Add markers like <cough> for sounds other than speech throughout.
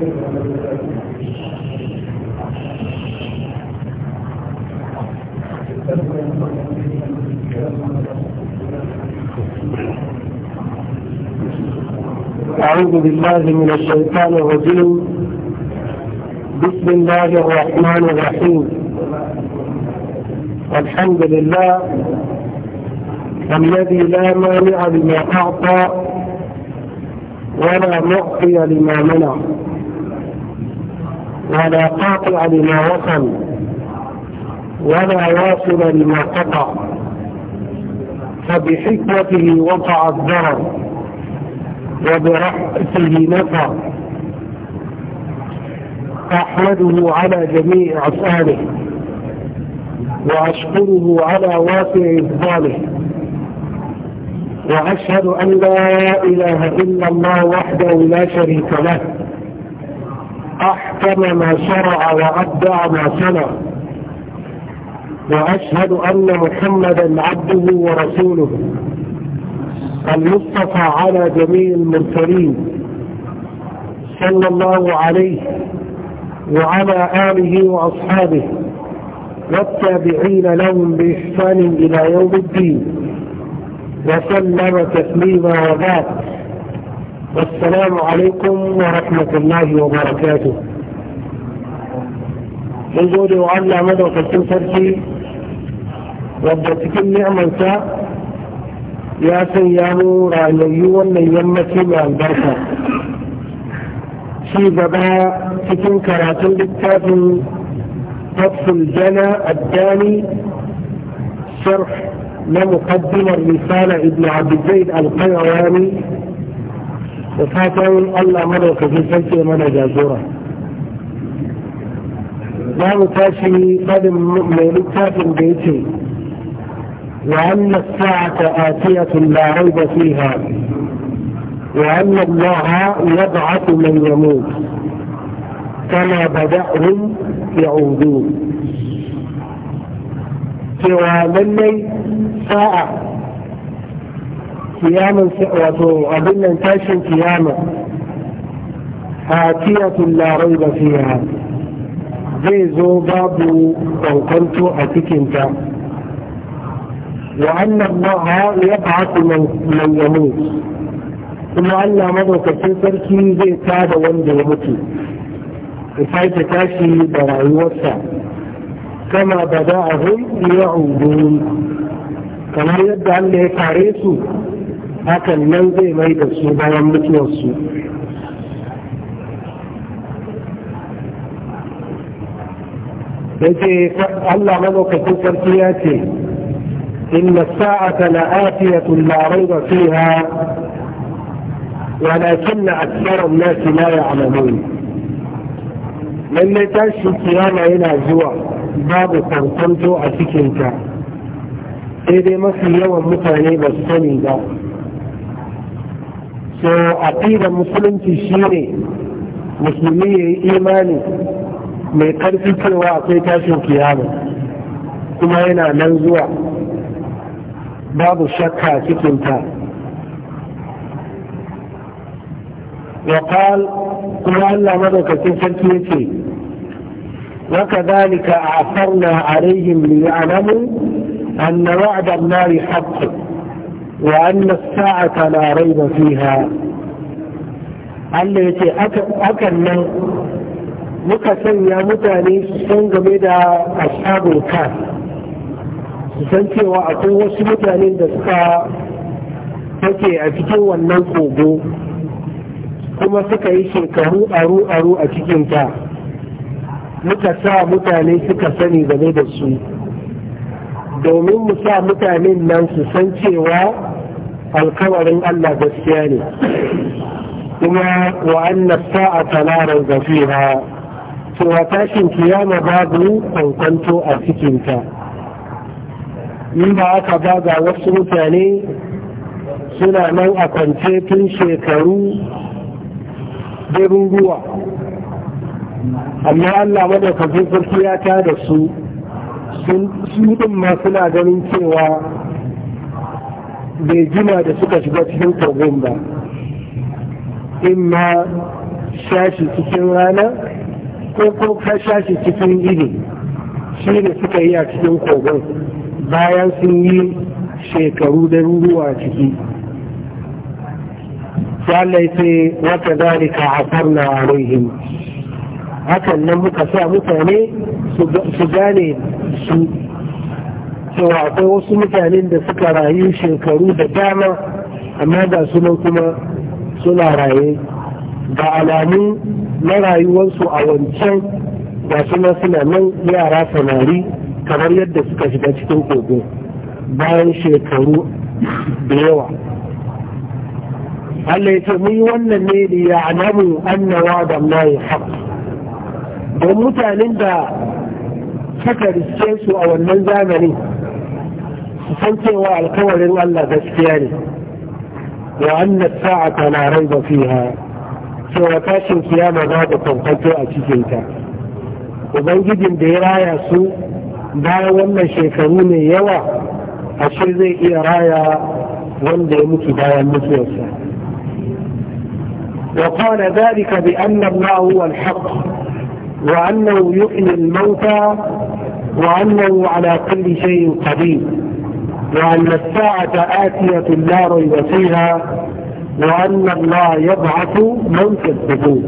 أعوذ بالله من الشيطان الرجيم بسم الله الرحمن الرحيم الحمد لله الذي لا مانع لما أعطى ولا معطي لما منع ولا قاطع لما وصل ولا واصل لما قطع فبحكمته وقع الضرر وبرحمته نفع أحمده على جميع أفعاله وأشكره على واسع إفضاله وأشهد أن لا إله إلا الله وحده لا شريك له احكم ما شرع وابدع ما صنع واشهد ان محمدا عبده ورسوله المصطفى على جميع المرسلين صلى الله عليه وعلى آله وأصحابه والتابعين لهم بإحسان إلى يوم الدين وسلم تسليما وبعد والسلام عليكم ورحمة الله وبركاته بلغوري وعلى مدرسة وقلتم فرشي ربتك النعمة انساء يا سيامو رأيو يمتي مع البركة في بابا سكن كراتل بكتاب طف الجنة الداني شرح لمقدم الرسالة ابن عبد الزيد القيرواني وفاتعون الله مرة في سلطة من جازورة لا متاشي قد المؤمن كافر بيتي وأن الساعة آتية لا ريب فيها وأن الله يبعث من يموت كما بدأهم يعودون سوى من ساعة قياما وضمن انتاج قياما آتية لا ريب فيها زي زو بابو وقلت أتيك انت وأن الله يبعث من, من يموت ثم أن مضوا كثير تركي زي تاب وندي يموت وفايت تاشي برعي وسع كما بدأهم يعودون كما يبدأ أن يفعريسوا hakan nan zai mai da su bayan mutuwarsu yake Allah malaukakin sarki ya ce inna sa'ata la'atiyatun la raiba fiha ولكن أكثر الناس لا يعلمون من لا تشي كيانا هنا زوا باب تنتمتو أتكنتا إذا ما في يوم متعني بس سني so aqidar musulunci shine musulmi ya yi imani mai karfi cewa akwai tashin kiyama kuma yana nan zuwa babu shakka cikin ta وقال كما ألا مدك تنفكيتي وكذلك أعثرنا عليهم ليعلموا أن وعد الله حق وأن الساعة لا ريب فيها Allah ya ce akan nan muka sanya mutane su san game da ashabul ka su san cewa akwai wasu mutanen da suka take a cikin wannan kogo kuma suka yi shekaru aru aru a cikin ta muka sa mutane suka sani game da su domin mu sa mutanen nan su san cewa alkawarin Allah gaskiya ne kuma wa annas sa'ata la rayba fiha cewa tashin kiyama babu kwankwanto a cikinta in ba aka baga wasu mutane suna nan a kwance tun shekaru ruwa amma Allah madaukakin sarki ya da su sun ma suna ganin cewa bai jima da suka shiga cikin kogon ba imma shashi cikin rana ko ko ka shashi cikin iri shi ne suka yi a cikin kogon bayan sun yi shekaru da ruwa ciki sallai sai wata zarika a farna a rahim hakan nan muka sa mutane su gane su cewa akwai wasu mutanen da suka rayu shekaru da dama amma ga suna kuma suna raye ga alamu na rayuwarsu a wancan ga suna suna nan yara samari kamar yadda suka shiga cikin kogo bayan shekaru da yawa Allah ya mun yi wannan ne da ya alamu annawa da mai haƙ don mutanen da suka riske su a wannan zamanin san cewa alkawarin Allah gaskiya ne wa annas sa'ata la raiba fiha cewa tashin kiyama za ta kwankwanto a cikinta ubangijin da ya raya su bayan wannan shekaru mai yawa ashe zai iya raya wanda ya mutu bayan mutuwarsa وقال ذلك بأن الله هو الحق وأنه يحيي الموتى وأنه على كل شيء قدير وأن الساعة آتية لا ريب فيها وأن الله يبعث من كذبوه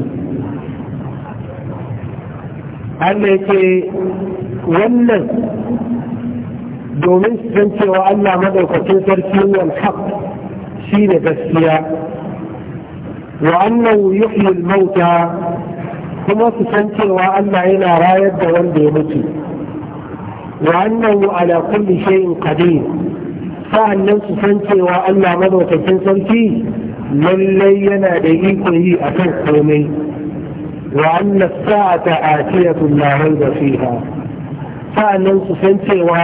أنكِ ولد دونس بنت وأن مدعوك تركي هو الحق سين تسليا وأنه يحيي الموتى ثم تسنت وأن إلى راية دوان بيمتي وأنه على كل شيء قدير sa'annan su san cewa Allah madaukakin sarki lallai yana da iko yi a kan komai wa anna sa'ata atiyatun la raiba fiha sa'annan su san cewa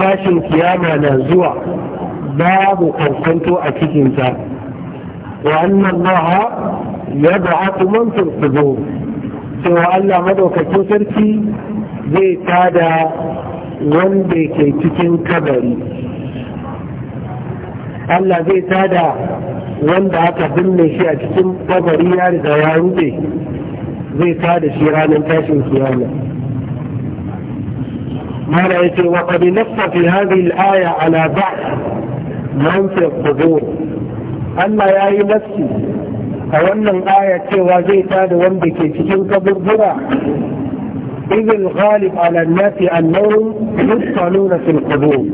tashin kiyama na zuwa babu kankanto a cikinta wa anna Allah yab'athu man fil qubur cewa Allah maɗaukacin sarki zai tada wanda ke cikin kabari Allah zai tada wanda aka binne shi a cikin kabari ya riga ya rufe zai tada shi ranar tashin kiyama mara yace wa qad nassa fi hadhihi al-aya ala ba'd man fi qubur Allah yayi nassi a wannan aya cewa zai tada wanda ke cikin kaburbura إذ الغالب على الناس أنهم يدخلون في القبور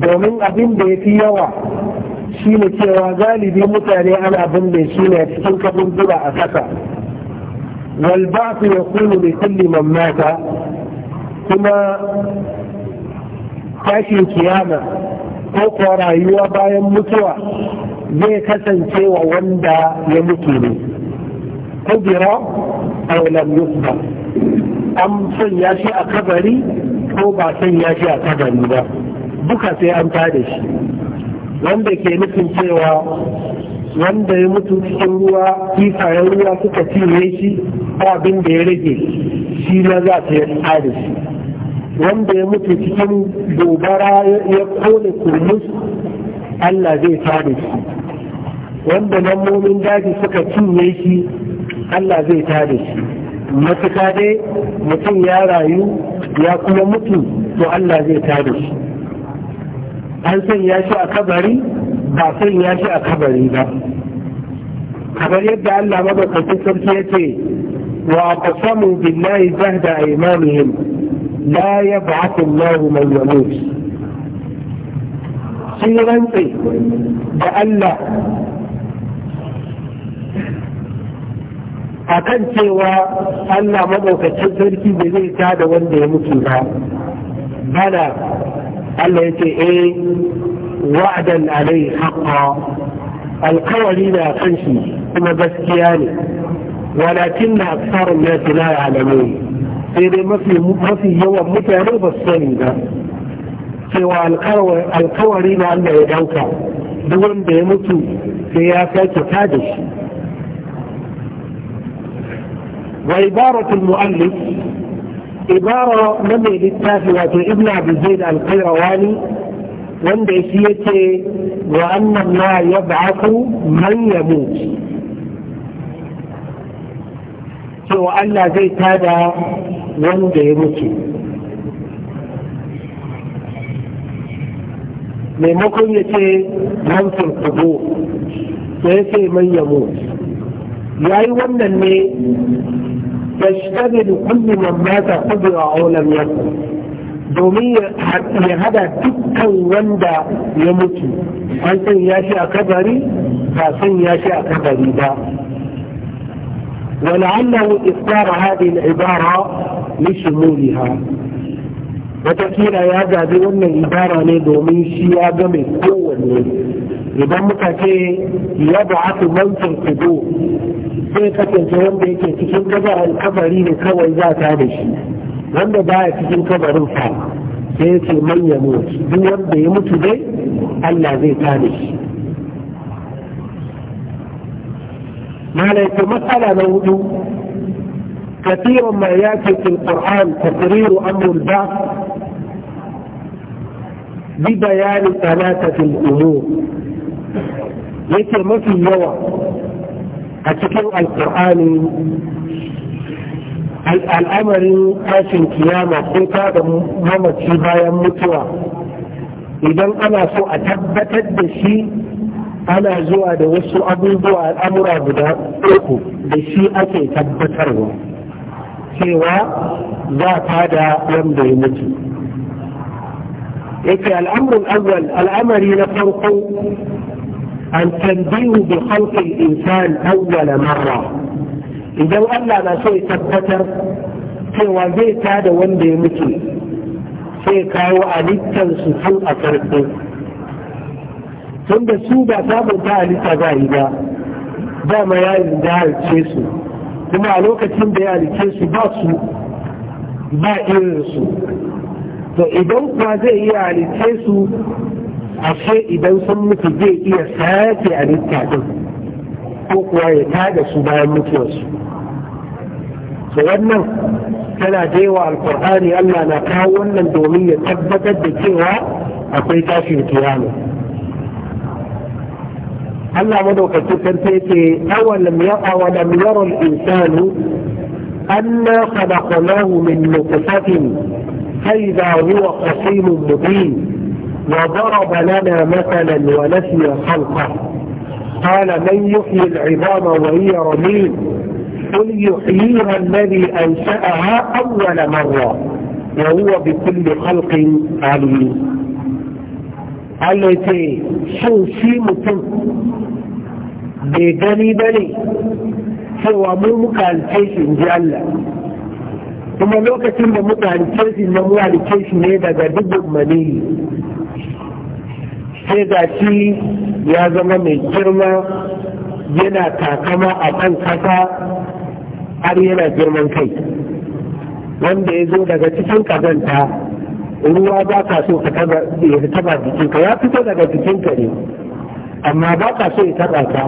domin abin da ya fi yawa shi ne cewa galibi mutane ana da shi ne cikin kafin zuba a kasa su ya kunu bi kulli mata kuma tashin kiyama ko kuwa rayuwa bayan mutuwa zai kasance wa wanda ya mutu ne kubira a lam yusba an sanya shi a kabari ko ba sanya shi a kabari ba duka sai an tada shi wanda ke nufin cewa wanda ya mutu cikin ruwa kifayen ruwa suka cinye shi ba abin da ya rage shi na za ta yi tada shi wanda ya mutu cikin gobara ya kone kurmus Allah zai tada shi wanda namomin daji suka cinye shi Allah zai tada shi matuka dai mutum ya rayu ya kuma mutu to Allah zai tada shi an sanya shi a kabari ba sanya shi a kabari ba kamar yadda Allah madaukakin sarki ya ce wa qasamu billahi jahda aymanihim la yab'athu Allahu man yamut sun rantse da Allah kan cewa Allah madaukakin sarki bai zai da wanda ya mutu ba bana التي ايه وعدا عليه حقا القولي لا يخشي هم بسكياني ولكن اكثر الناس لا يعلمون اذا ما في مفيه هو متعرف السنة سوى القولي لا انه يدوكا دون بيمتو في افاته فادش وعبارة المؤلف ibara na mai littafi wato ibn abu zaid al-qayrawani wanda shi yake wa annan la yab'athu man yamut cewa Allah zai tada wanda ya mutu maimakon ya ce man firkubo sai ya ce man yamut ya yi wannan ne تشتمل كل من مات قدر أو لم يكن دومية حتى يهدى dukkan wanda ya mutu ياشي اكبري ya ياشي اكبري دا ولعله اختار هذه العبارة لشمولها وتكيل يا ذا بأن العبارة لدومي شيئا بمن قوة idan muka ce ya ba'atu man turkudu sai kasance wanda yake cikin gaba alkabari ne kawai za ta da shi wanda ba ya cikin kabarin sa sai ce man ya mutu duk wanda ya mutu dai Allah zai ta da shi معناته مسألة موجود كثيرا ما يأتي في القرآن تقرير أمر البعث ببيان ثلاثة الأمور yake mafi yawa a cikin alkur'ani al'amarin tashin kiyama ko ta da mamaci bayan mutuwa idan ana so a tabbatar da shi ana zuwa da wasu abubuwa al'amura guda uku da shi ake tabbatarwa cewa za ta da wanda ya mutu yake al'amarin al'amari na farko التنبيه بخلق الإنسان أول Idan Allah na so ya tabbatar cewa zai tada wanda ya mutu sai kawo halittarsu tun a farko tunda su ba samun ta halitta za yi ba dama ya da halice kuma a lokacin da ya halice su ba su ba irinsu to idan kuwa zai iya halice su ashe idan sun mutu zai iya sake a din ko kuwa ya tada su bayan mutuwarsu to wannan tana da yawa alkur'ani Allah na kawo wannan domin ya tabbatar da cewa akwai tashin kiyama Allah madaukakin sarki yake awalam ya awalam yara al-insanu anna khalaqnahu min nutfatin فإذا هو خصيم مبين وضرب لنا مثلا ونسي خلقه قال من يحيي العظام وهي رميم قل يحييها الذي انشاها اول مره وهو بكل خلق عليم التي إيه؟ شوشيمك بجني بني هو ممك الكيشن جل kuma lokacin da mutane kirkin na muwa da kirkin ne daga dubban sai ga shi ya zama mai girma yana takama a kan kasa har yana girman kai wanda ya zo daga cikin kazanta ruwa ba ka so ka taba jikinka ya fito daga jikinka ne amma ba ka so ya taba ka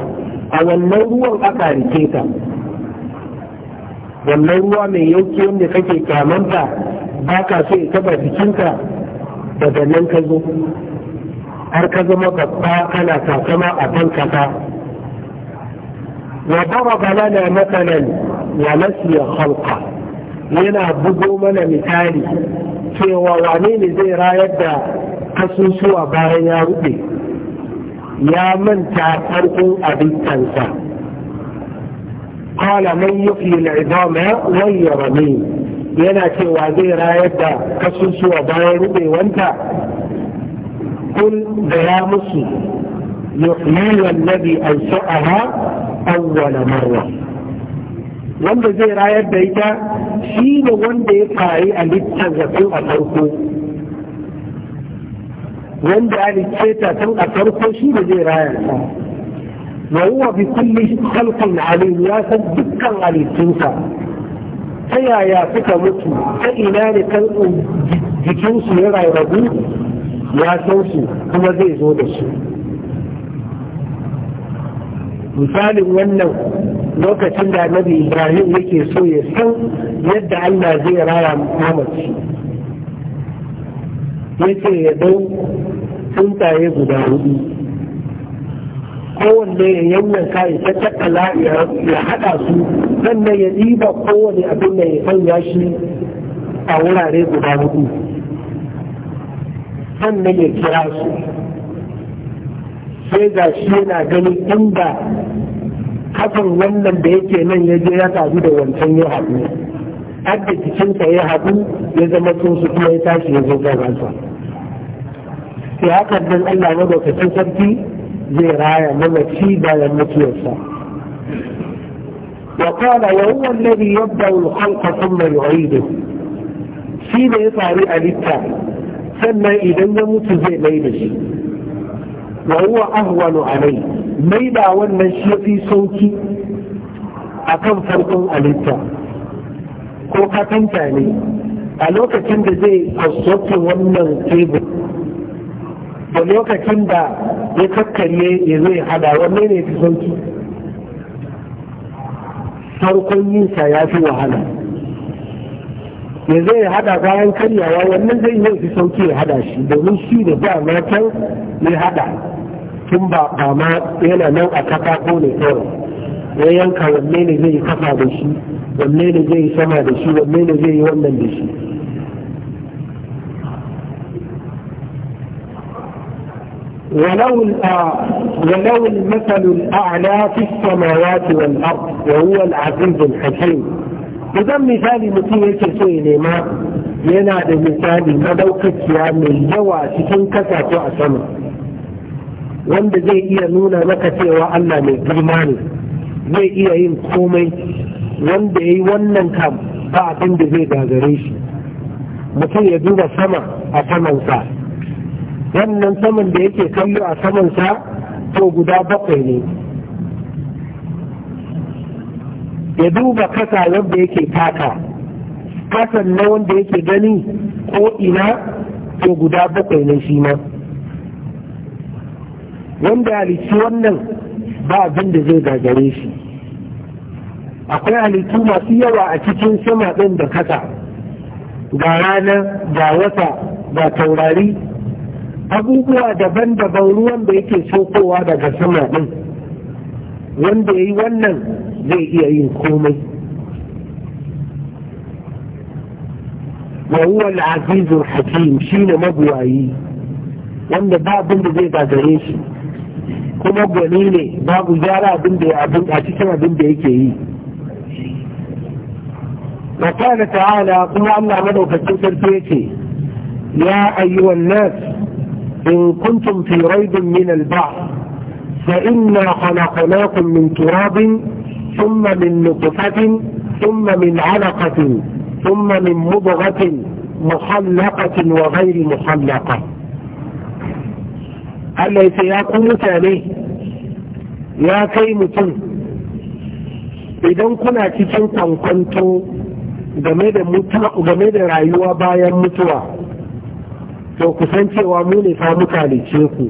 a wannan ruwan aka rike ka wannan ruwa mai yauki wanda kake kyamanta ba ka so ya taba jikinka daga nan ka zo har ka zama babba kana takama a kan kasa wa daraba lana matsalan wa nasiya halka, yana bugo mana misali cewa wane ne zai rayar da kasusuwa bayan ya rube ya manta farkon abincansa Kala man yuhyi al'idama wa yarmi yana cewa zai rayar da kasusuwa bayan rubewanta Kun gaya قل قيامس يحيي الذي أنشأها أول مرة wanda zai rayar da ita shi ne wanda ya fayi a littattafin a farko wanda ya ta tun a farko shi ne zai rayar ta wa huwa bi kulli khalqin alim ya san dukkan halittunsa ta yaya suka mutu ta ina ne kan jikinsu ya rayu ya san su kuma zai zo da su misalin wannan lokacin da annabi ibrahim yake so ya san yadda allah zai raya mamaci yake ya dau tsuntaye guda hudu kowanne ya yanyanka ya tattakala ya haɗa su sannan ya ɗiba kowane abin da ya sanya shi a wurare guda hudu Wannan ya kira su sai ga shi yana ganin inda kafin wannan da yake nan ya je ya taru da wancan ya haɗu adda jikinsa ya haɗu ya zama sun su kuma ya tashi ya zo gabansa sai haka dan Allah madaukakin sarki zai raya mamaci bayan mutuwarsa وقال وهو الذي يبدأ الخلق ثم يعيده shi da ya faru a littafi sannan idan ya mutu zai mai da shi wa huwa ahwanu alai mai da wannan shi fi sauki akan farkon alitta ko katanta ne a lokacin da zai kasuwatin wannan tebur da lokacin da ya kakkarye ya zai hada wannan ne fi sauki farkon yinsa ya fi wahala ya zai hada bayan karyawa wannan zai yi fi sauki ya hada shi domin shi da ba ma can ya hada tun ba ba ma yana nan a kafa ko ne kawai ya yanka wanne ne zai kafa da shi wanne ne zai sama da shi wanne ne zai yi wannan da shi ولو المثل الأعلى في السماوات والأرض وهو العزيز الحكيم idan misali mutum yake so ya nema yana da misali madaukakiya mai yawa cikin kasa ko a sama wanda zai iya nuna maka cewa Allah mai girma ne zai iya yin komai wanda ya yi wannan kam ba abin da zai gagare shi mutum ya duba sama a samansa wannan saman da yake kallo a samansa to guda bakwai ne ya duba kasa wanda yake taka kasan na wanda yake gani ko ina to guda bakwai na shi ma wanda halittu wannan ba abin da zai gagare shi akwai halittu masu yawa a cikin sama ɗin da kasa ga rana ga wata ga taurari abubuwa daban-daban ruwan da yake sokowa daga sama ɗin wanda ya yi wannan ذي إيئين قومي وهو العزيز الحكيم شين مبو أي وان دا بند ذي قادريش كم أبو أميني بابو جارا بند أشيسنا بند إيكي وقال تعالى قل الله مدو فالتسر فيكي يا أيها الناس إن كنتم في ريب من البعض فإنا خلقناكم من تراب ثم من نطفة ثم من علقة ثم من مضغة مخلقة وغير مخلقة Allah ya ya ku mutane ya kai mutum idan kuna cikin kwankwanto game da rayuwa bayan mutuwa to kusan cewa mu ne fa muka ku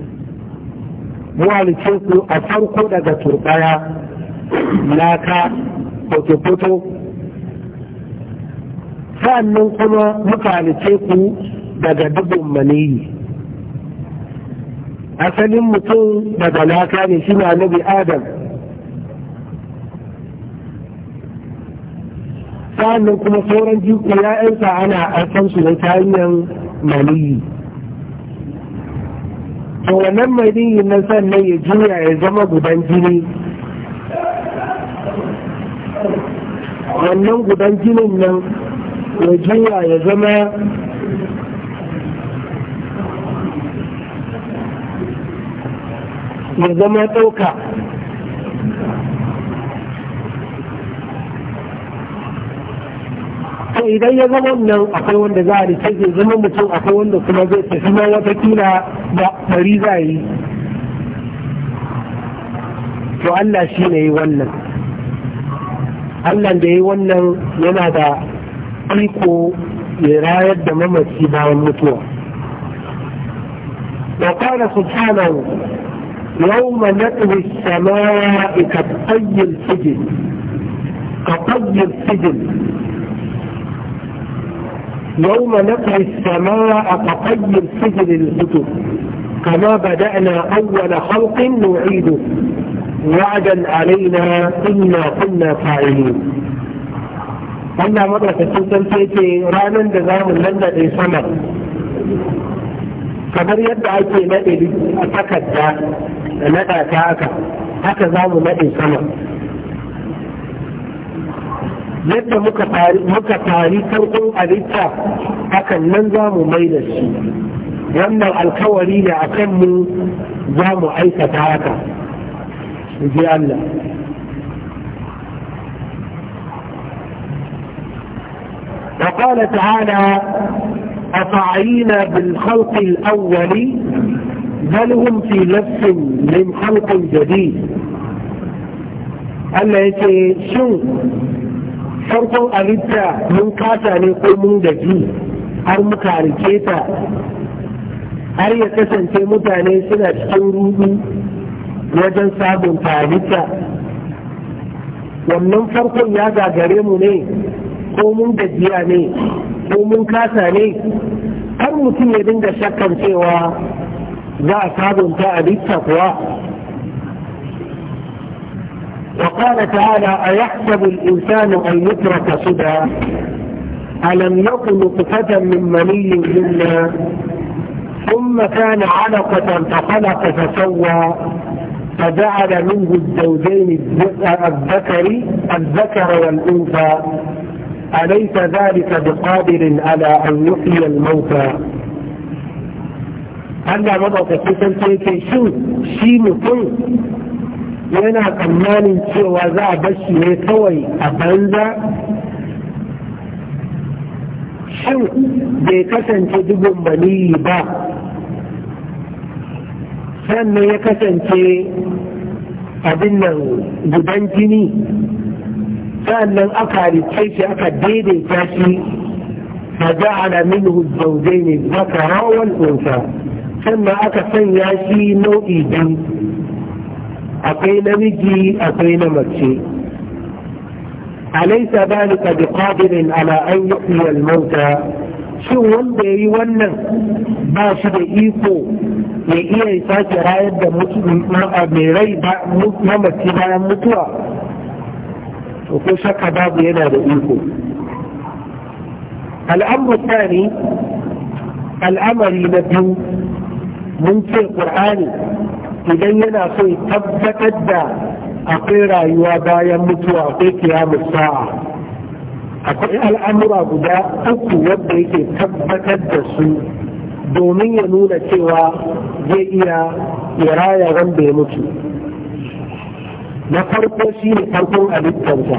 mu ku a farko daga turɓaya laka fotofoto sannan kuma muka ku daga dubin maniyi asalin mutum daga laka ne shi na nabi adam sannan kuma sauran ya ya'yansa ana asan su da ta hanyar maniyi to wannan maniyi nan sannan ya juya ya zama gudan jini wannan gudan ginin nan ya jiya ya zama ya zama ɗauka to idan ya zama nan akwai wanda za a rike zai zama mutum akwai wanda kuma zai tafi ma watakila da ɗari za yi to Allah shi ne yi wannan Allah da ya yi wannan yana da iko ya rayar da mamaci bayan mutuwa وقال سبحانه يوم نطوي السماء كطي السجن كطي السجن يوم نطوي السماء كطي السجن للكتب كما بدأنا أول خلق نعيده وعدا علينا إنا كنا فاعلين Allah madaukakin sarki yake ranar da za mu lallaɗe sama kamar yadda ake naɗe a takarda da naɗa ta haka haka za mu naɗe sama yadda muka tari farkon halitta hakan nan za mu mai da shi wannan alkawari ne a kanmu za mu aikata haka يجي وقال تعالى أفعينا بالخلق الأول بل هم في نفس من خلق جديد ألا يتشن شرط أردت من قاسة أن يقول من جديد أرمك أركيتا أريكسا أنت متعني سنة wajen sabunta halitta wannan farkon ya gagare mu ne ko mun gajiya ne ko mun kasa ne har mutum ya dinga shakkan cewa za a sabunta halitta kuwa وقال تعالى أيحسب الإنسان أن يترك سدى ألم يكن نطفة من مني يمنى ثم كان علقة فخلق فسوى فجعل منه الزوجين الذكر الذكر والأنثى أليس ذلك بقادر على أن يحيي الموتى هل مضى تكيسا تيكي شو شي مطل وانا كمان شو وزع بشي يتوي أبنزا شو بيكسا تدب مني باه sannan ya kasance abin nan gudan jini sannan aka halittai shi aka daidaita shi a ja'ala hujjau zai ne zaka rawar unsa sannan aka sanya shi nau'i biyu akwai namiji akwai na mace أليس ذلك بقادر على أن يحيي mauta shin wanda ya yi wannan ba shi da iko ya iya sake rayar da mai rai mamaci bayan mutuwa to ko shakka babu yana da iko al'amru tsari al'amari na biyu mun ce ƙur'ani idan yana so ya tabbatar da akwai rayuwa bayan mutuwa akwai kiyamus sa'a akwai al'amura guda uku wadda yake tabbatar da su domin ya nuna cewa zai iya ya raya wanda ya mutu na farko shi ne farkon halittarsa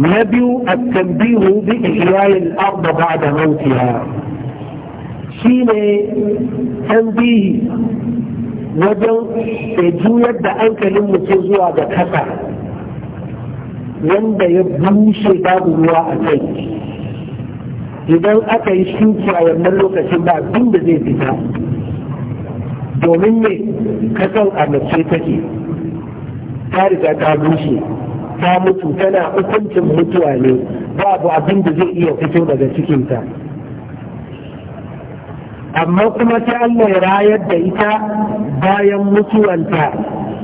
na biyu a tambihu bi iyayen arda ba da mautiya shi ne tambihi wajen juyar da hankalin mutum zuwa ga kasa wanda ya bushe babu ruwa a kai idan aka yi shuki a wannan lokacin ba abin da zai fita domin ne kasan a mace take ta riga ta bushe ta mutu tana hukuncin mutuwa ne babu abin da zai iya fito daga cikinta amma kuma ta Allah ya rayar da ita bayan mutuwanta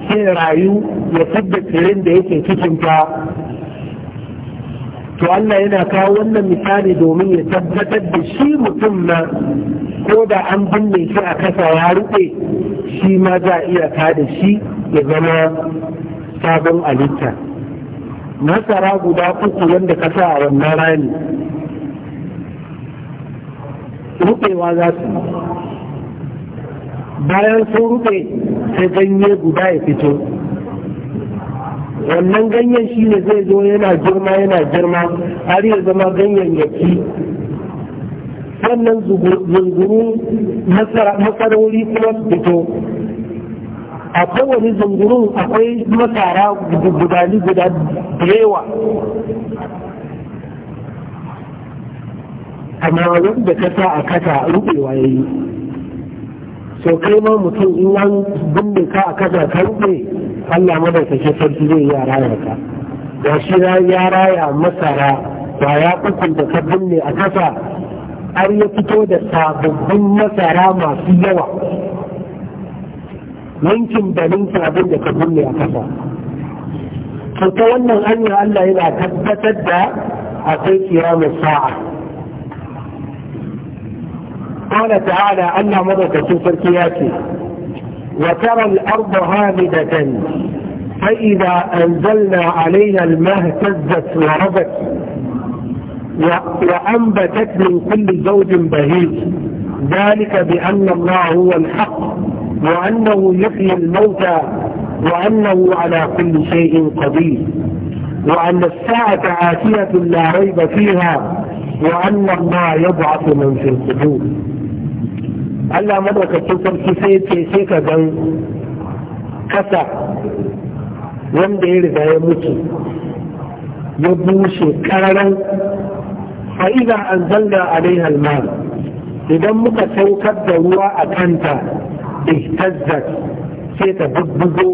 sai rayu ya fidda tsirin da yake ta, to Allah yana kawo wannan misali domin ya tabbatar da shi mutum na ko da an binne shi a kasa ya rufe shi ma za a iya da shi ya zama sabon alitta masara guda uku wanda ka sa a wannan rani rufewa za su bayan sun rufe sai ganye guda ya fito wannan ganyen shi ne zai zo yana girma yana girma har ya zama ganyen yaki sannan zunguru masarori kuma su fito a kowane zungurun akwai masara gudani guda da yawa amma wani da kasa a kasa rubewa ya yi Sau kai ma mutum in an binne ka a kasa kanke Allah madaukakin sarki zai yi raya ka ga shi ya raya masara ba ya da ka binne a kasa har ya fito da sababbin masara masu yawa yankin da ninkin abin da ka binne a kasa to ta wannan hanyar Allah yana tabbatar da akwai kiyamar sa'a قال تعالى أن مضت سوفركياتي وترى الأرض هامدة فإذا أنزلنا عليها الماء اهتزت وربت وأنبتت من كل زوج بهيج ذلك بأن الله هو الحق وأنه يحيي الموتى وأنه على كل شيء قدير وأن الساعة آتية لا ريب فيها وأن الله يبعث من في القبور Allah madaukakin sarki sai ce sai ka gan kasa wanda ya riga ya mutu ya bushe kararan fa'iza an zalla alaihal mal idan muka saukar da ruwa a kanta ihtazzat sai ta bubbugo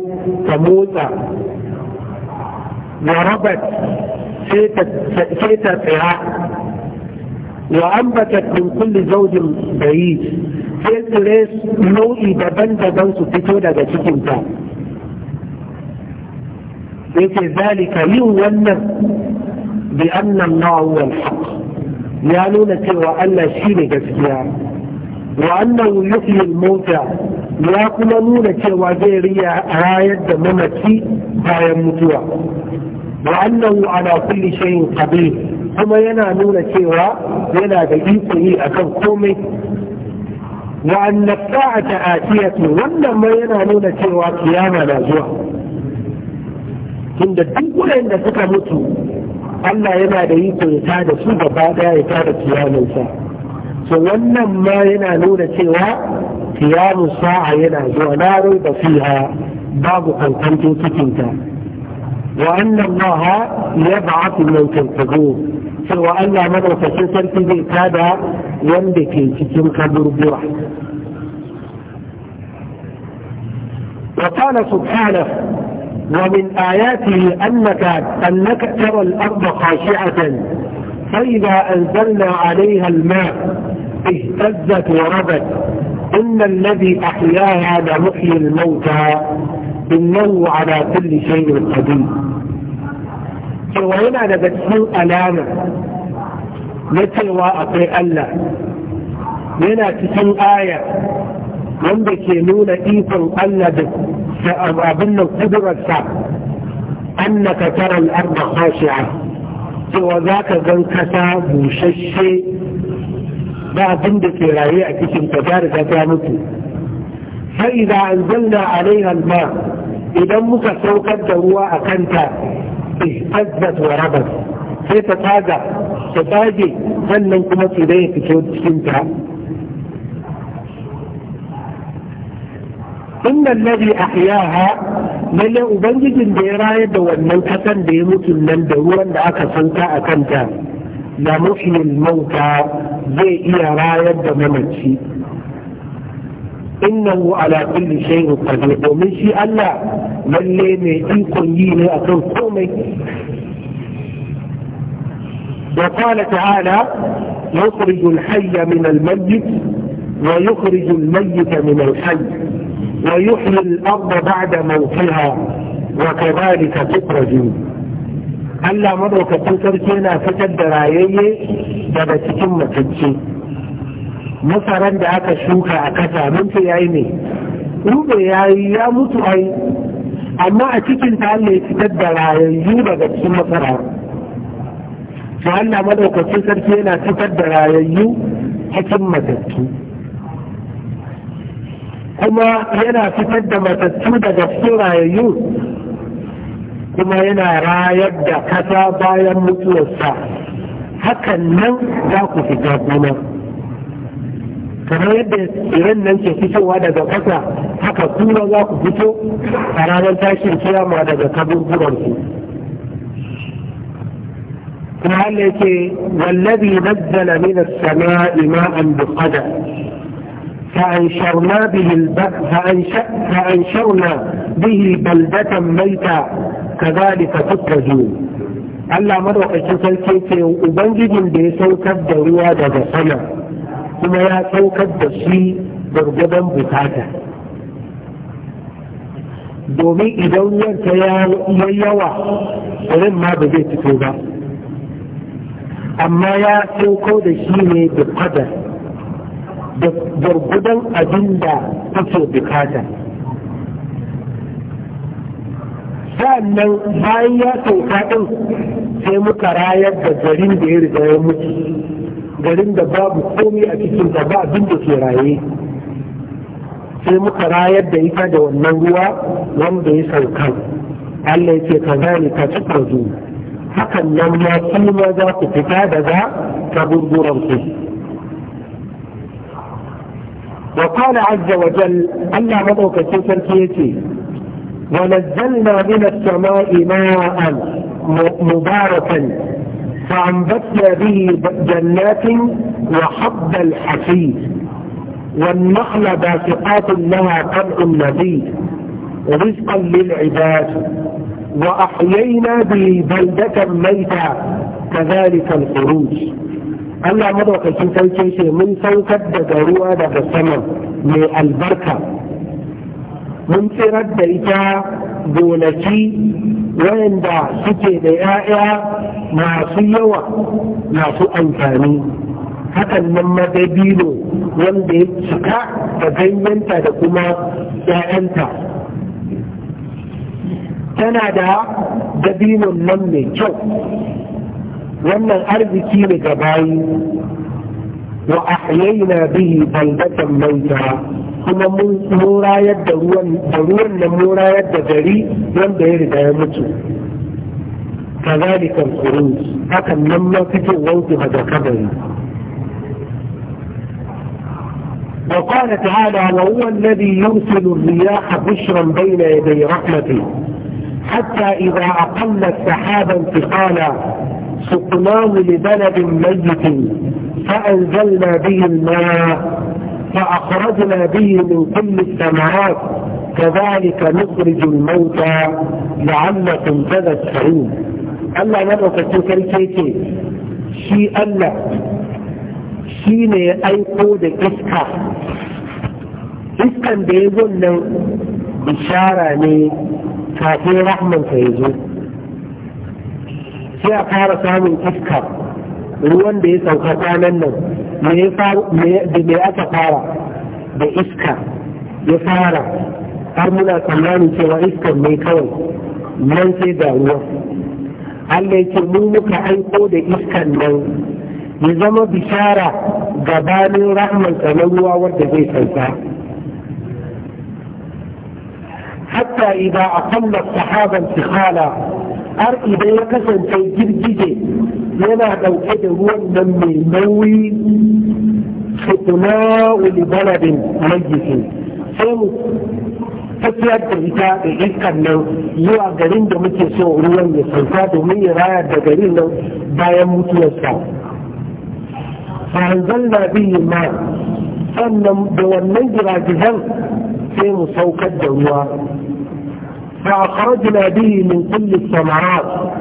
ta motsa wa rabat sai ta tsira wa ambatat min kulli zawjin bayit tsire nau'i daban-daban su fito daga cikinta yake zalika yin wannan bi annan nawawar ya nuna cewa Allah shi ne gaskiya wa annan yuhyil mota ya kuma nuna cewa zai riya rayar da mamaci bayan mutuwa wa annan ala kulli shay'in qadir kuma yana nuna cewa yana da iko yi akan komai wa anna ta'ata atiyatu wannan ma yana nuna cewa kiyama na zuwa tunda duk wurin da suka mutu Allah yana da iko ya da su gaba daya ya da kiyamansa so wannan ma yana nuna cewa kiyamun sa'a yana zuwa na da fiha babu kankanto cikinta wa annan ha ya ba'atu man kan cewa Allah madaukakin sarki zai kada wanda ke cikin kaburbura وقال سبحانه ومن آياته أنك, أنك ترى الأرض خاشعة فإذا أنزلنا عليها الماء اهتزت وربت إن الذي أحياها لمحيي الموتى إنه على كل شيء قدير cewa yana daga cikin alama na cewa akwai Allah yana cikin aya wanda ke nuna ikon Allah da abin nan kudurarsa annaka tara al khashi'a cewa zaka gan kasa bushashe ba abin da ke raye a cikin ta ta riga ta mutu fa idza anzalna alaiha al idan muka saukar da ruwa a kanta ce azzat wa rabat sai ta tsaga ta tsage sannan kuma tsire ya fito cikin ta inna alladhi ahyaha lalle ubangijin da ya rayar da wannan kasan da ya mutu nan da ruwan da aka sanka a kanta la muhyil mauta zai iya rayar da mamaci innahu ala kulli shay'in qadir domin shi Allah lalle ne ikon yi ne akan الميتين وقال تعالى يخرج الحي من الميت ويخرج الميت من الحي ويحيي الأرض بعد موتها وكذلك تخرجون ألا مره كتنكر كينا فتد دراية دبت كمة الجي مصرا دعاك الشوكة أكثر من في عيني روبي يا يا متعي amma a cikin ta Allah fitar da rayayyu daga cikin masara to Allah madaukakin sarki yana fitar da rayayyu cikin matattu kuma yana fitar da matattu daga cikin rayayyu kuma yana rayar da kasa bayan mutuwarsa hakan nan za ku fita kuma. kamar yadda irin nan ke fitowa daga kasa haka kuma za ku fito a ranar tashin kiyama daga kaburburanku kuma halle ke wallabi nazzala min as-sama'i ma'an biqadar فأنشرنا به البر فأنشرنا به بلدة ميتا كذلك تخرجون Allah madaukakin sarki ce ubangijin da ya saukar da ruwa daga sama kuma ya saukar da shi gwargwadon bukata domin idan yanta ya yawa irin ma ba zai fito ba amma ya sauko da shi ne da kadar da gwargwadon abin da take bukata Sannan bayan ya sauka ɗin sai muka rayar da garin da ya riga ya mutu garin da babu komi a cikin da ba abin da ke raye sai muka rayar da ita da wannan ruwa wanda ya sauka Allah ya ce ka zane ka cikar zu hakan nan ya kuma za ku fita daga kaburburan ku wa qala azza wa jal Allah maɗaukacin sarki yace wa nazzalna min as-sama'i ma'an mubarakan فانبتنا به جنات وحب الحفيد والنخل باسقات لها طبع مزيد رزقا للعباد واحيينا به بلدة ميتة كذلك الخروج أنا مضوك في سيكون من فوق دروا دغ السماء من البركة من سرد إتاء gonaki wayanda suke da 'ya'ya masu yawa masu amfani hakan nan madabino wanda ya cika da ganyenta da kuma 'ya'yanta tana da dabinon nan mai kyau wannan arziki ne ga bayi wa ahyayna bihi baldatan maita kuma mun rayar da ruwan da ruwan nan mun rayar da gari wanda ya riga ya mutu kazalika al-khuruj hakan nan ma kake wautu daga kabari وقال تعالى وهو الذي يرسل الرياح بشرا بين يدي رحمته حتى إذا أقلت سحابا ثقالا سقناه لبلد ميت فأنزلنا به الماء فأخرجنا به من كل الثمرات كذلك نخرج الموتى لعلكم تذكرون الله نبو كتو كريكيكي شي الله شي ني اي قود اسكا اسكا لو بشارة ني تاتي رحمة فيزو شي اقارة سامي اسكا الوان بيسو خطانا نو me aka fara da iska ya fara har muna tsammanin cewa iskar mai kawai nan sai ga ruwa Allah ya ce mun muka aiko da iskar nan ya zama bishara gabanin rahman na ruwa wadda zai sauka hatta idza aqalla sahaban tikhala har idan ya kasance girgije yana ɗauke da ruwan nan mai nauyi fituna uli baladin jiki, sai mu tafiyar da ita da iskar nan zuwa garin da muke so ruwan ya sauka domin ya raya da garin nan bayan mutuwarsa fa'anzan na yi ma sannan da wannan giragizan sai mu saukar da ruwa فأخرجنا به من كل الثمرات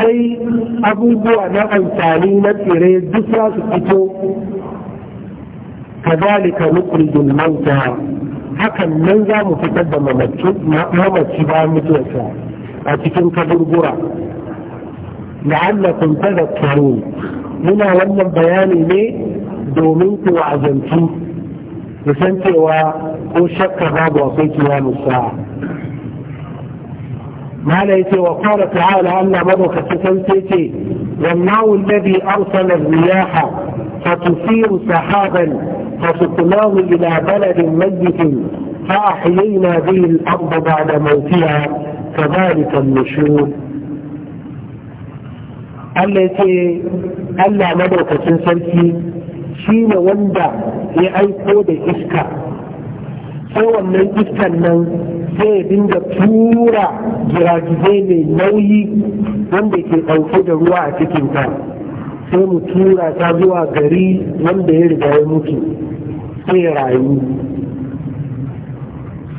أبو أبوبوا نعم تعليما إليه دسرة ستكتو كذلك نقرد الموتى حكا ننزى متقدم مجد مهما اتباع مجلسة أتكن كبرقرة لعلكم تذكرون هنا ولا بياني لي دومنت وعزمتي لسنتي وشك الرابع في كيان الساعة ما ليتي وقال تعالى أن بضك تتنسيتي والله الذي أرسل الرياح فتثير سحابا فتطلاه إلى بلد ميت فأحيينا به الأرض بعد موتها كذلك النشور التي ألا ce Allah شين وندع لأي قود wanda سوى من da من Zai dinga tura giragizai mai nauyi wanda ke ɗauke da ruwa a cikin ta sai mu tura ta zuwa gari wanda ya riga ya mutu sai ya rayu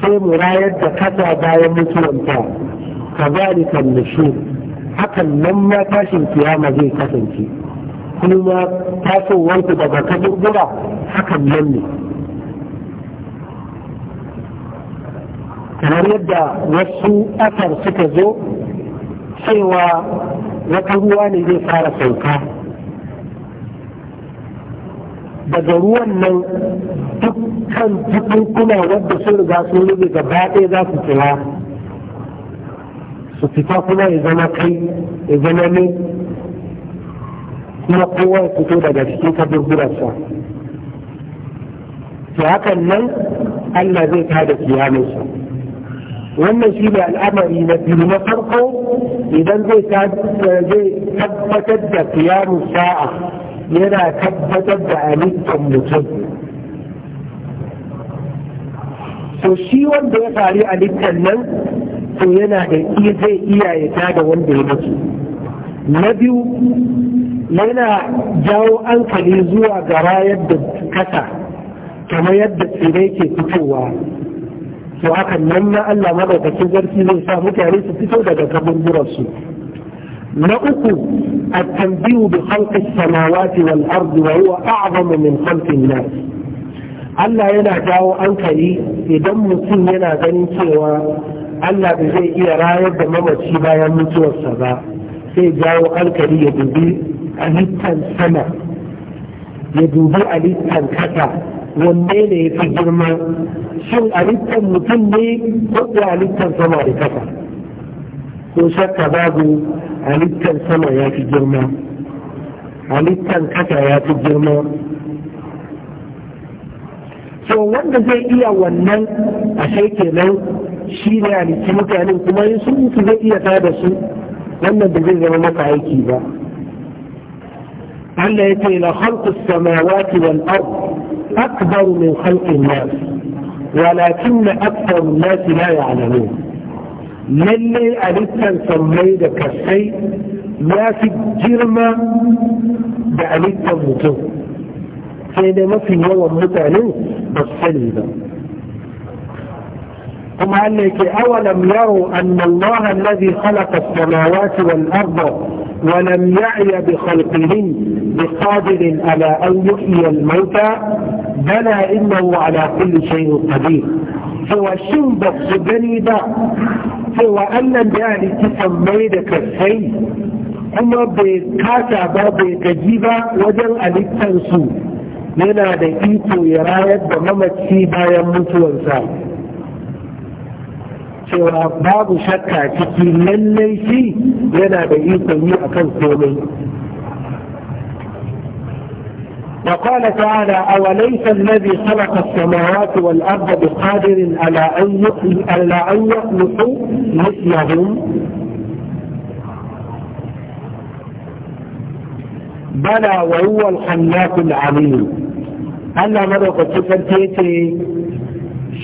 sai mu rayar da kasa bayan mutuwanta ka zalika nushur hakan nan ma tashin kiyama zai kasance kuma tasowarku daga kaburbura hakan nan ne kamar yadda wasu ƙasar suka zo cewa wata ruwa ne zai fara sauka daga ruwan nan dukkan kuma wadda sun riga sun rube gaba ɗaya za su kira, su fita kuma ya zama kai ya zama ne kuma kowa ya fito daga cikin kaburburarsa to hakan nan Allah zai tada kiyamarsa wannan shi ne al'amari na biyu na farko idan zai tabbatar da kiyamu sa'a yana tabbatar da halittar mutum to shi wanda ya faru halittar nan to yana da zai iya ya wanda ya mutu na biyu yana jawo hankali zuwa ga rayar da kasa kamar yadda tsirai ke fitowa to hakan nan na Allah madaukakin sarki zai sa mutane su fito daga su na uku التنبيه بخلق السماوات والأرض وهو أعظم min خلق الناس Allah yana jawo hankali idan mutum yana ganin cewa Allah bai zai iya rayar da mamaci bayan mutuwarsa ba sai jawo ankali ya dubi halittan sama ya dubi halittan kasa wanne ne ya fi girma shin halittar mutum ne ko kuwa halittar sama da kasa ko shakka babu halittar sama ya fi girma halittar kasa ya fi girma so wanda zai iya wannan a sai kenan shi ne halitti mutanen kuma yin sun mutu zai iya tada su wannan da zai zama maka aiki ba Allah ya ce la khalqu samawati wal ard اكبر من خلق الناس ولكن اكثر الناس لا يعلمون من اليسا سميد كسي لا في الجرمة بأليسا مطور فإذا ما في يوم مطالب بالسلبة ثم قال لك اولم يروا ان الله الذي خلق السماوات والارض ولم يعي بخلقهن بقادر على ان يحيي الموتى بلى انه على كل شيء قدير هو شن بخص بني دا هو ان يعني تسمي لك الشيء هم بكاتا باب تجيبا وجل الاتنسو لنا دقيقه يرايد بمما تسيبا يموت وانسان cewa babu shakka ciki lallai shi yana da ikon yi وقال تعالى أوليس الذي خلق السماوات والأرض بقادر على أن يخلق مثلهم بلى وهو الخلاق العليم ألا مرة قد تفرتيتي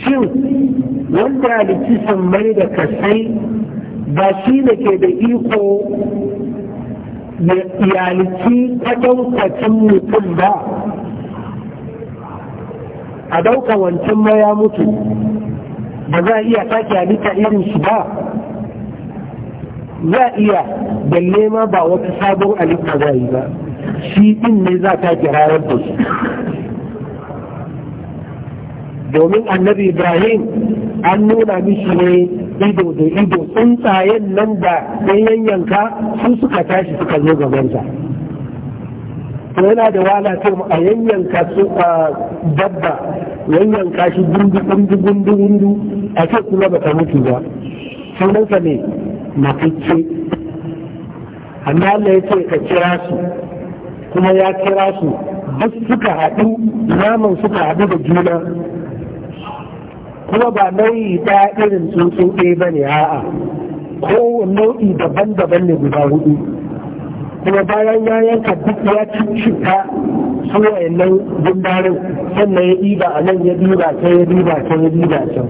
شو wanda halicci mai da kasai ba shi da ke da iko ya iyalici ta ɗaukacin mutum ba a ɗauka wancan maya mutu ba za a iya sake halitta irin shi ba za a iya da nema ba wata sabon halitta za yi ba shi ɗin ne za ta kira da su domin annabi ibrahim an nuna mishi ne ido da ido tsuntsayen nan da ɗan yanka su suka tashi suka zo gabansa to yana da wala ce a yanyanka su a dabba yanyanka shi gundu gundu gundu gundu a ce kuma ba ta mutu ba sunansa ne mafice amma Allah ya ce ka kira su kuma ya kira su duk suka haɗu naman suka haɗu da juna kuma ba nau'i ɗaya irin tsuntsu ɗaya ba ne a'a ko nau'i daban-daban ne guda hudu kuma bayan ya yanka duk ya cuta su wayannan gundarin sannan ya ɗiba a nan ya ɗiba can ya ɗiba can ya ɗiba can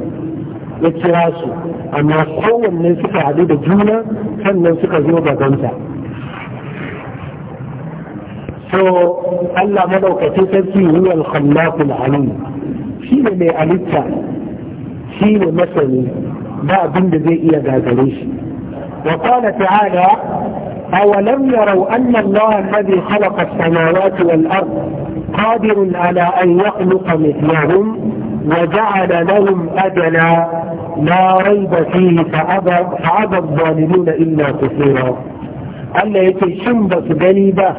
ya kira su amma kowanne suka haɗu da juna sannan suka zo gabanta so Allah madaukakin sarki wuyan khallaqul alim shi ne mai alitta shi ne masani ba abin da zai وقال تعالى أولم يروا أن الله الذي خلق السماوات والأرض قادر على أن يخلق مثلهم وجعل لهم أجلا لا ريب فيه فأبى الظالمون إلا كثيرا ألا يتشم بس غريبة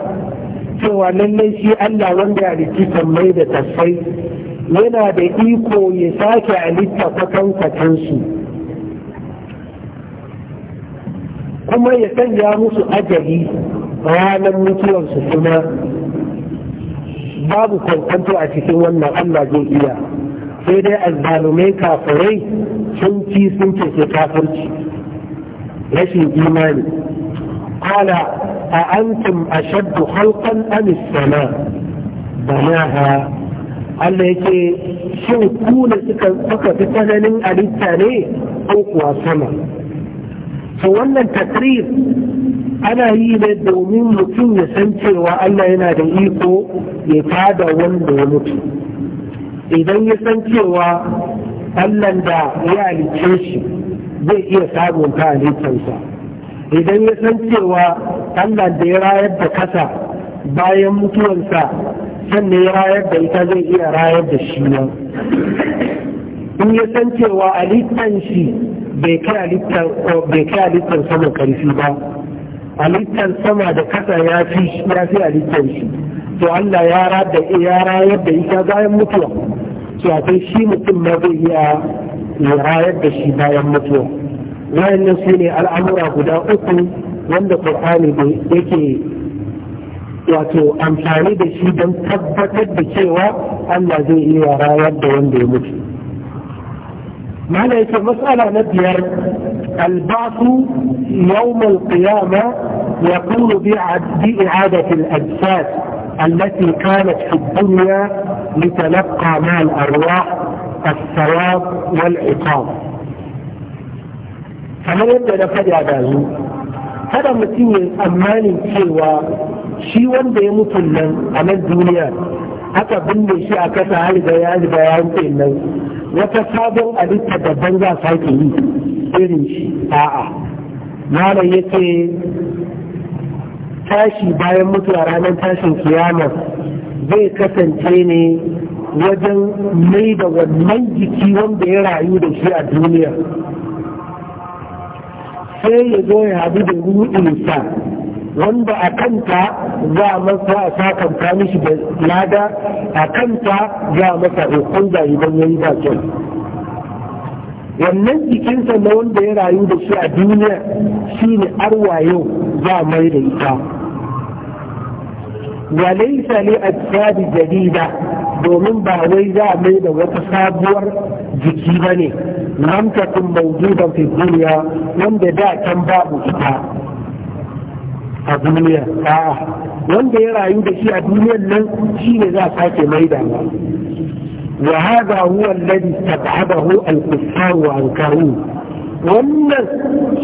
سوى لن يشي ألا وندع لكي تميدة الصيف yana da iko ya sake halitta kwatankwacinsu kuma ya sanya musu ajali ranar mutuwarsu kuma babu kwankwanto a cikin wannan Allah zai iya sai dai azzalumai kafirai sun ci sun ce kafirci rashin imani قال أأنتم أشد خلقا أم السماء بناها Allah ya ce shin kuna suka suka fi tsananin alitta ne ko kuwa sama to wannan takrir ana yi ne domin mutum ya san cewa Allah yana da iko ya tada wanda ya mutu idan ya san cewa Allah da ya halicce shi zai iya samun ta halittarsa idan ya san cewa Allah da ya rayar da kasa bayan mutuwarsa san ne rayar da ita zai iya rayar da shi ba in ya san cewa a shi bai kai littan sama karfi ba littan sama da kasa ya fi ya fi shi to Allah ya rayar da ita bayan mutuwa to akwai shi mutum ma zai iya rayar da shi bayan mutuwa wayannan su ne al'amura guda uku wanda Qur'ani yake wato amfani da shi don tabbatar da cewa Allah zai iya rayar da wanda ya mutu معنى المسألة نبير البعث يوم القيامة يكون بإعادة الأجساد التي كانت في الدنيا لتلقى مع الأرواح الثواب والعقاب فمن يبدأ نفذ هذا kada mutum ya tsammanin cewa shi wanda ya mutu nan a nan duniya aka binne shi a kasa har da ya riga ya rufe nan wata sabon halitta daban za sake yi irin shi a'a malam yace tashi bayan mutuwa ranar tashin kiyama zai kasance ne wajen mai da wannan jiki wanda ya rayu da shi a duniya sai ya zo ya hadu da ruɗinsa wanda a kanta za a masa a sakanta mishi da lada a kanta za a masa roƙon jariban ya yi bakin wannan jikinsa na wanda ya rayu da shi a duniya shi ne arwayo za a mai da ita walaisa sale a tsari jarida domin ba wai za a mai da wata sabuwar jiki ba ne لم تكن موجودا في الدنيا وان دا كان باب اتا الدنيا اه وان دا يرى شيء الدنيا لن شين ذا ساك ميدا وهذا هو الذي استبعده الكفار وانكروه ومن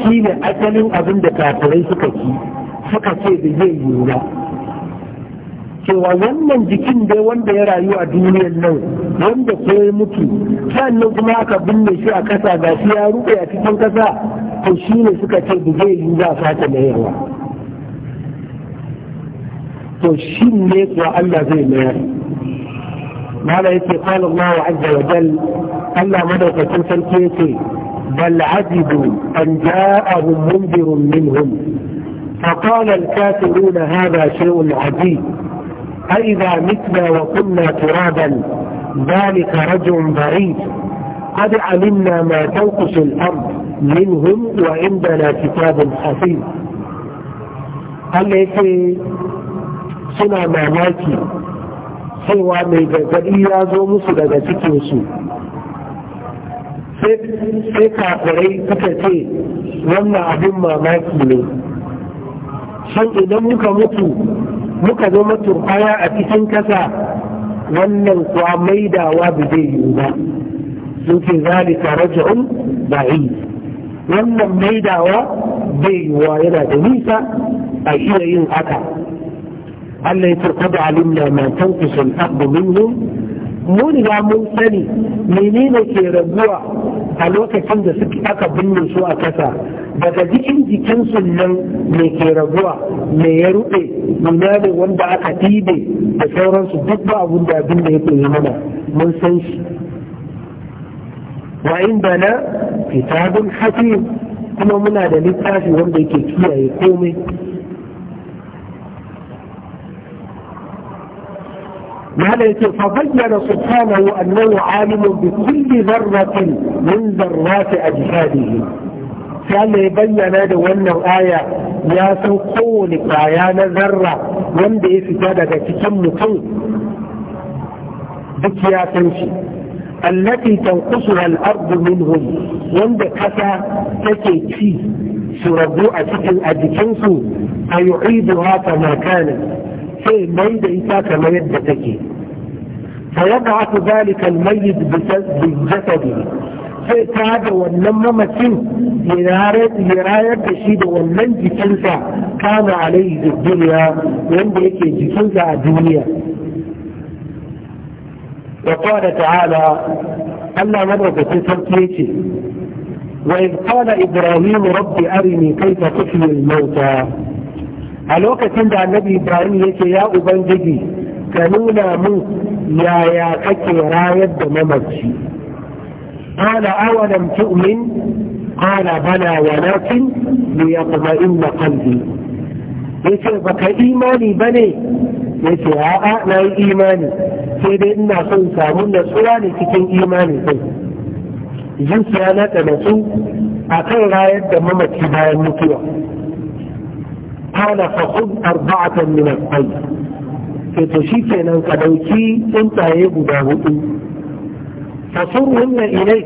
شين اتل ابن دكاتره كافرين سكتي سكتي بيه يولا cewa wannan jikin dai wanda ya rayu a duniyar nan wanda ko ya mutu sannan kuma aka binne shi a kasa ga shi ya rufe a cikin kasa to shi ne suka ce da zai yi za a sake mayarwa to shi ne kuwa Allah zai mayar mala yake qala wa azza wa jal Allah madaukakin sarki yake bal ajibu an ja'ahum mundirun minhum فقال الكافرون هذا شيء عجيب أإذا متنا وكنا ترابا ذلك رجل بعيد قد علمنا ما تنقص الأرض منهم وعندنا كتاب حفيظ التي سنع معناك سوى ميجازئية ذو مصر لذلك رسول سيكا قري فكتي ومنا أهم معناك من سنع نمك مطلوب muka zo maturbaya a cikin kasa wannan kuwa maidawa ba zai yi ba sun ce zalika raja'un wannan maidawa bai yiwuwa yana da nisa a iya yin haka Allah ya turkada alimna ma tankusul ardu minhum mun riga mun sani menene ke raguwa a lokacin da suka aka binne su a kasa daga jikin jikinsu nan me ke raguwa me ya ruɓe nuna da wanda aka tibe da sauransu duk ba abun da abin da yake yi mana mun san shi wa indana kitabun hakim kuma muna da littafi wanda yake kiyaye komai ماذا يقول فبين سبحانه أنه عالم بكل ذرة من ذرات أجسادهم Allah ya bayyana da wannan aya ya san kowane kwaya na zarra wanda ya fita daga cikin mutum duk ya san shi allati tanqusuha al-ardu minhum wanda kasa take ci su rabu a cikin a jikinsu a yu'iduha kama kana sai mai da ita kamar yadda take فيضعف ذلك الميت بجسده zai ta da wannan mamacin ya rayar da shi da wannan jikinsa kama alaihi da duniya wanda yake jikinsa a duniya wa qala ta'ala Allah madaukaki sarki ce. wa iz qala ibrahim rabbi arini kayfa tuhyi al-mauta a lokacin da annabi ibrahim yake ya ubangiji ka nuna mun yaya kake rayar da mamaci قال أولم تؤمن قال بلى ولكن ليطمئن قلبي yace baka imani bane yace a'a na yi imani sai dai ina son samu natsuwa ne cikin imani sai zuciya na ta natsu a kan rayar da mamaci bayan mutuwa kana fa khud arba'atan min al-qayl sai to shikenan ka dauki tsuntsaye guda hudu fasurhun na ilai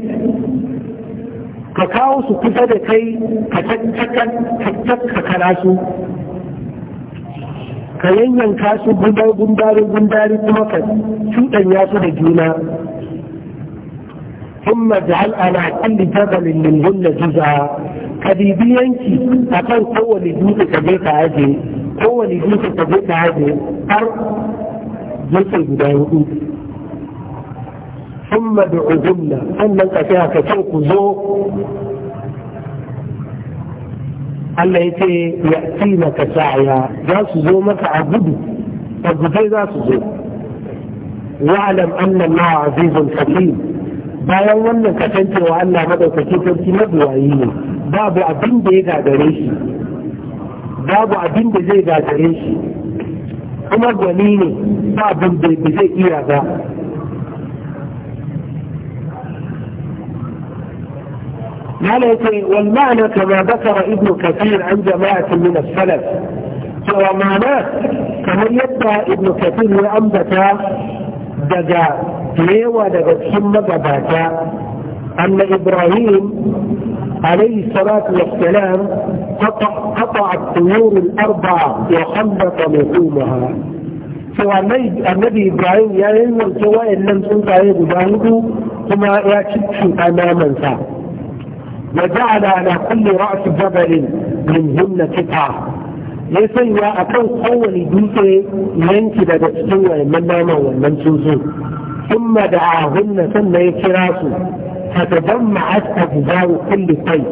ka kawo su kusa da kai ka tattaka su ka yanyanka su gundarin gundari kuma ka su da juna ثم اجعل على كل جبل منهن جزءا كبيبي ينكي أكان قوة لجوك كبيك عادي قوة لجوك كبيك عادي أر جزء جدا ثم دعوهن أن annan tsaya ka ce ku zo Allah ya ce ya tina ka sa'aya za su zo maka a gudu a za su zo bayan wannan kasancewa Allah madaukaki sarki mabuwayi ne babu abin da ya gagare shi babu abin da zai gagare shi kuma gani ne babu abin zai iya ba ملكي والمعنى كما ذكر ابن كثير عن جماعة من السلف هو معناه كما يدعى ابن كثير وأنبتا ambata daga ولدت ثم دباتا أن إبراهيم عليه الصلاة والسلام قطع, قطع الطيور الأربعة وخلط لحومها سواء النبي إبراهيم يا ينوى سواء لم تنقى يده هما يا شك أمامك وجعل على كل رأس جبل منهن قطعة يسن يا أكو قول ديك ينك بدأتو ومن ناما ومن جوزو ثم دعاهن ثم يكراسو فتجمعت أجزاء كل طيب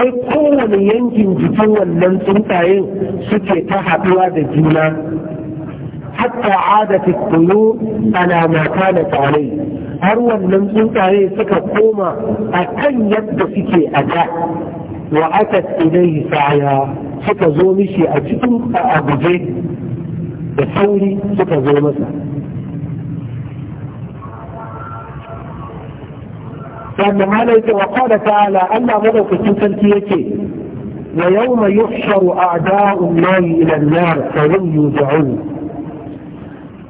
sai kowane yankin jikin wannan tsuntsayen suke ta haɗuwa da juna hatta adatik kuyo ana mata har wannan tsuntsaye suka koma a kan yadda suke a da wa aka ilaihi saya suka zo mishi a cikin a da sauri suka zo masa sannan halaita wa kada ta'ala Allah madaukakin sarki yake wa yawma yuhsharu a'da'u Allah ila an-nar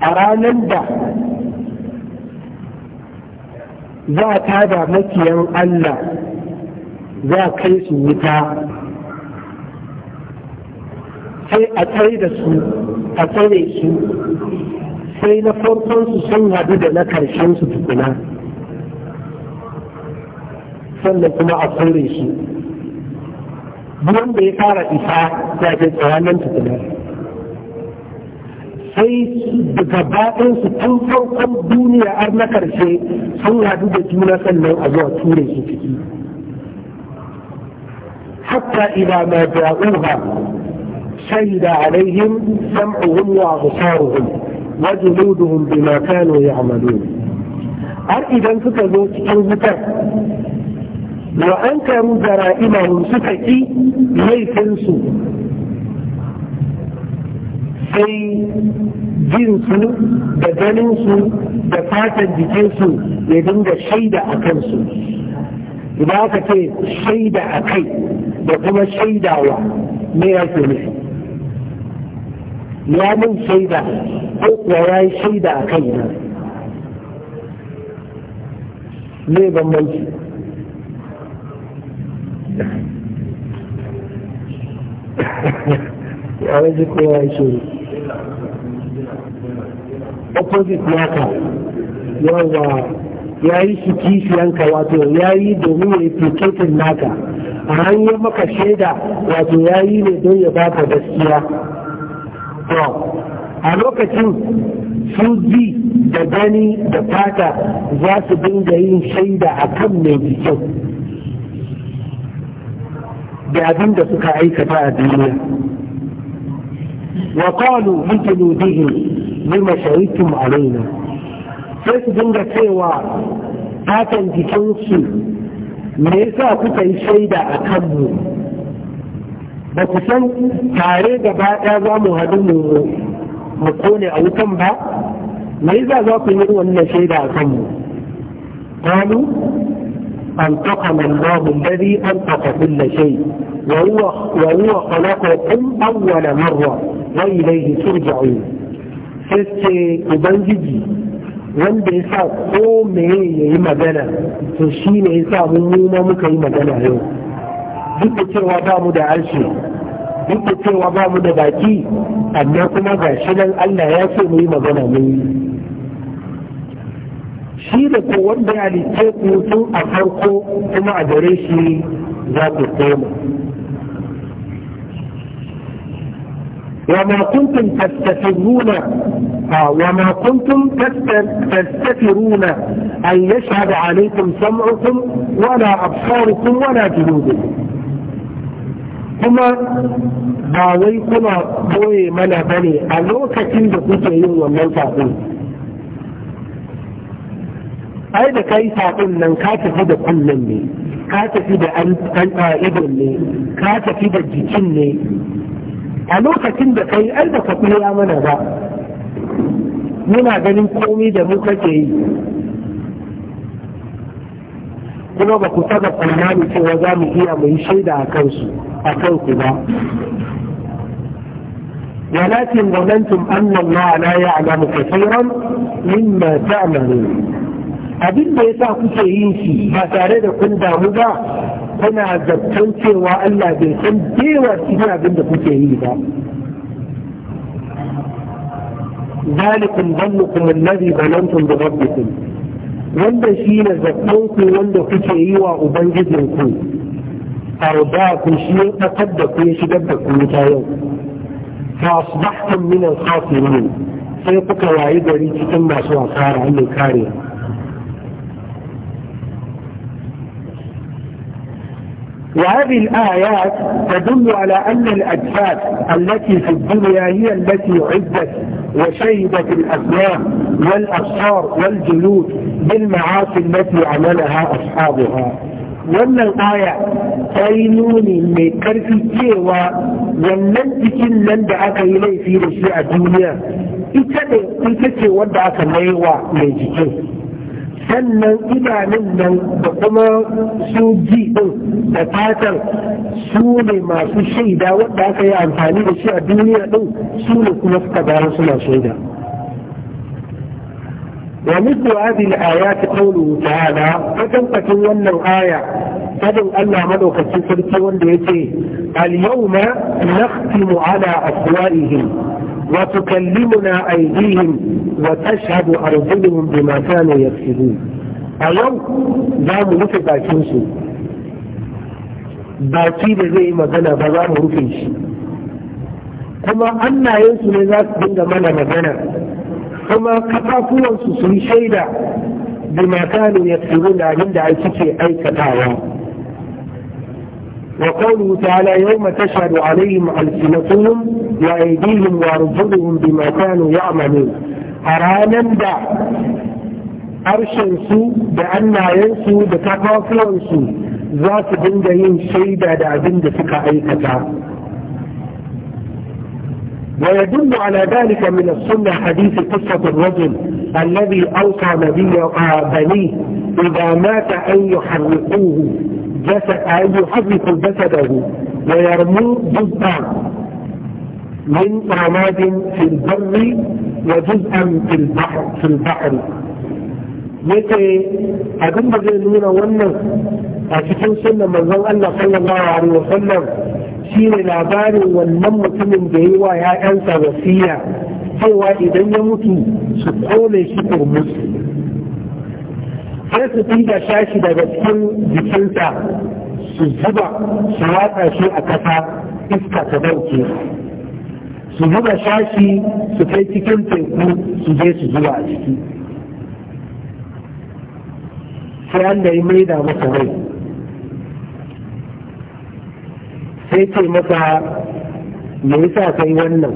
a ranar da za a tada makiyan Allah za a kai su wuta sai a tsaye da su a tsare su sai na farkon su sun hadu da na karshen su tukuna sannan kuma a tsare su wanda ya fara isa ya ke tsawanan tukuna sai gaba su tun farkon duniya har na karshe sun hadu da juna sannan a zuwa ture su ciki hatta ila ma ja'uha shahida alaihim sam'uhum wa absaruhum wa juluduhum bima kanu ya'malun har idan suka zo cikin wutar wa ankaru jara'imahum suka ki laifinsu sai jinsu da ganinsu da fatan jikinsu ya dinga shaida a kansu idan aka ce shaida a kai da kuma shaidawa me ya ke nufi ya min shaida ko kuwa ya yi shaida a kai na me bambanci <laughs> a wajen kowa ya opposite naka yawa ya yi shi kishiyanka wato ya yi domin ya kekin naka a hanyar maka shaida wato ya yi ne don ya baka gaskiya a lokacin su ji da gani da fata za su dinga yin shaida a kan mai jikin da abin da suka aikata a duniya wa qalu li dihin lima shahidtum alaina sai su dinga cewa fatan jikinsu me yasa kuka yi shaida a kanmu ba ku san tare da ɗaya za mu haɗu mu mu kone a wutan ba me yasa za ku yi wannan shaida a kanmu قالوا أنطقنا الله الذي أنطق كل شيء وهو, وهو خلقكم أول مرة وإليه ترجعون sai ce ubangiji wanda ya sa ko meye ya yi magana to shi ne ya sa mu ma muka yi magana yau duk da cewa ba mu da harshe duk da cewa ba mu da baki amma kuma ga shi nan Allah ya so mu yi magana mu yi shi da ko wanda ya halitta ku tun a farko kuma a gare shi za ku koma وما كنتم تستفرون وما كنتم تستفرون أن يشهد عليكم سمعكم ولا أبصاركم ولا جنودكم kuma ba wai kuna boye mana bane a lokacin da kuke yin wannan saƙon ai da kai saƙon nan ka tafi da kunnen ne ka tafi da an ne ka tafi da jikin ne a lokacin da kai ai da kwafi ya mana ba muna ganin komi da muka ke yi kuma ba ku taba tsammani cewa za mu iya mu yi shaida a kansu a kanku ba ولكن ظننتم أن الله لا يعلم كثيرا مما تعملون abin da ya sa kuke yin shi ba tare da kun damu ba kuna zaton cewa Allah bai san dewa cikin abin da kuke yi ba kuma nazi الذي da بربكم wanda shi ne zaɓonku wanda kuke yi wa ubangijinku a da ku shi ya ɓatar da ku ya shigar da ku wuta yau fa asbahtum min al-khasirin sai kuka wayi gari cikin masu asara Allah kare وهذه الآيات تدل على أن الأجساد التي في الدنيا هي التي عدت وشهدت الأسلام والأبصار والجلود بالمعاصي التي عملها أصحابها وأن الآية ta من nuni mai karfi cewa wannan jikin nan da aka yi laifi da shi a duniya sannan idanun nan da kuma su ji din da fatan su ne masu shaida wadda aka yi amfani da shi a duniya din su ne kuma suka bayar suna shaida ومثل هذه الآيات قوله تعالى فتنفتن ون الآية فدن ألا ملوك السفر كون اليوم نختم على أفوائهم kalli وتكلمنا أيديهم وتشهد أرجلهم بما كانوا يكسبون اليوم زام rufe باكينسو baki da zai yi magana ba za mu rufe shi kuma hannayensu ne za su dinga mana magana kuma kafafuwansu sun shaida da makanu ya da abin da ake aikatawa وقوله تعالى يوم تشهد عليهم ألسنتهم وأيديهم وأرجلهم بما كانوا يعملون أرانا دع harshensu da بأن da kafafuwansu za ذات dinga شيدا دع بند abin da ويدل على ذلك من السنة حديث قصة الرجل الذي أوصى نبيه آه، بنيه إذا مات أن يحرقوه الجسد أن يحرك جسده ويرمو جزءا من رماد في البر وجزءا في البحر في البحر يتي أدن بغير من أولنا سنة من ذو الله صلى الله عليه وسلم شين العبار والنم تمن بهوا يا أنسى وفيا فهو إذا يموت سبحانه شكر مسلم sai su inda shashi daga cikin jikinsa su zuba su watsa shi a ƙasa iska ta dauke su zuba shashi su kai cikin teku su je su zuba a ciki sai an da yi maida masa rai sai ce masa me yasa kai wannan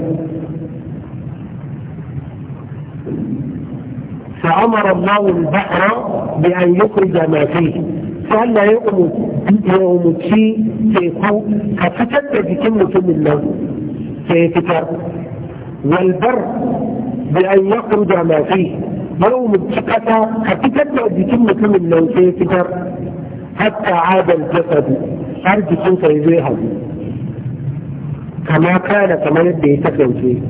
فأمر الله البحر بأن يخرج ما فيه شيء يومتي تيكو ففتت بكلمة الله تيكتر والبر بأن يخرج ما فيه يوم التقطة ففتت بكلمة الله تيكتر حتى عاد الجسد أرجو كنت يزيها كما كان كما يبدأ يتكلم فيه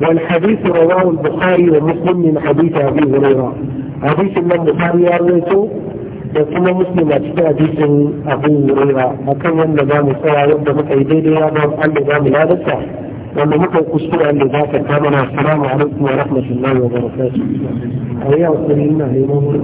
والحديث رواه البخاري ومسلم من حديث أبي هريرة حديث من البخاري أرويته يقول مسلم أجد حديث أبي هريرة أكن نظام ذا مصر يبدا مكيدي لي أبو أن ذا ملابسة وأن ذا كسر أن ذا كامنا السلام عليكم ورحمة الله وبركاته أيها السلام عليكم